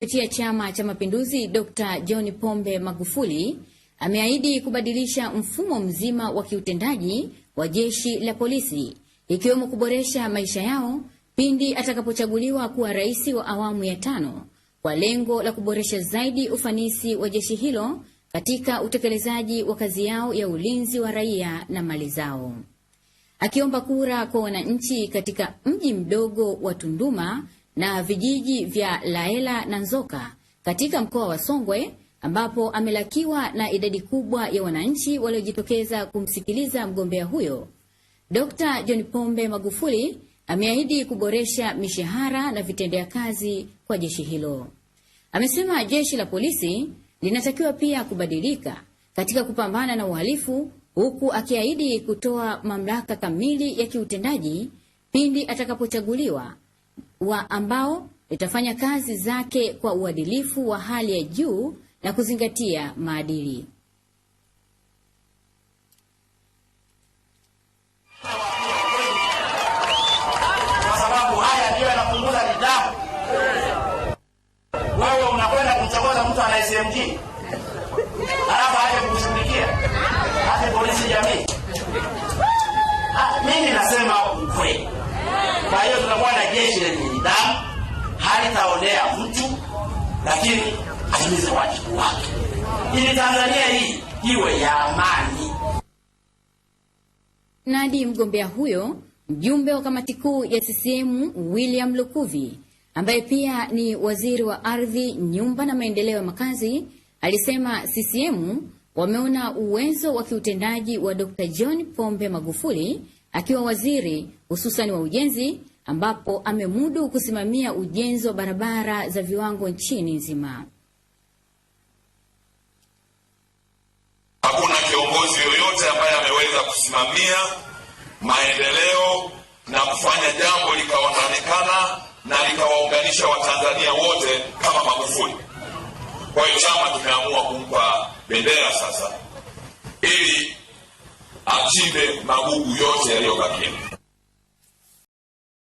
kupitia Chama cha Mapinduzi, Dr. John Pombe Magufuli ameahidi kubadilisha mfumo mzima wa kiutendaji wa jeshi la polisi ikiwemo kuboresha maisha yao pindi atakapochaguliwa kuwa rais wa awamu ya tano kwa lengo la kuboresha zaidi ufanisi wa jeshi hilo katika utekelezaji wa kazi yao ya ulinzi wa raia na mali zao. Akiomba kura kwa wananchi katika mji mdogo wa Tunduma na vijiji vya Laela na Nzoka katika mkoa wa Songwe ambapo amelakiwa na idadi kubwa ya wananchi waliojitokeza kumsikiliza mgombea huyo. Dkt. John Pombe Magufuli ameahidi kuboresha mishahara na vitendea kazi kwa jeshi hilo. Amesema jeshi la polisi linatakiwa pia kubadilika katika kupambana na uhalifu, huku akiahidi kutoa mamlaka kamili ya kiutendaji pindi atakapochaguliwa wa ambao itafanya kazi zake kwa uadilifu wa hali ya juu na kuzingatia maadili. Wewe unakwenda kumchokoza mtu ni nidhamu, halitaonea mtu, lakini atimize wajibu wake ili Tanzania hii iwe ya amani. Nadi mgombea huyo mjumbe wa kamati kuu ya CCM William Lukuvi ambaye pia ni waziri wa ardhi, nyumba na maendeleo ya makazi alisema CCM wameona uwezo wa kiutendaji wa Dr. John Pombe Magufuli akiwa waziri hususani wa ujenzi ambapo amemudu kusimamia ujenzi wa barabara za viwango nchini nzima. Hakuna kiongozi yoyote ambaye ameweza kusimamia maendeleo na kufanya jambo likaonekana na likawaunganisha Watanzania wote kama Magufuli. Kwa hiyo chama tumeamua kumpa bendera sasa ili achimbe magugu yote yaliyobakia.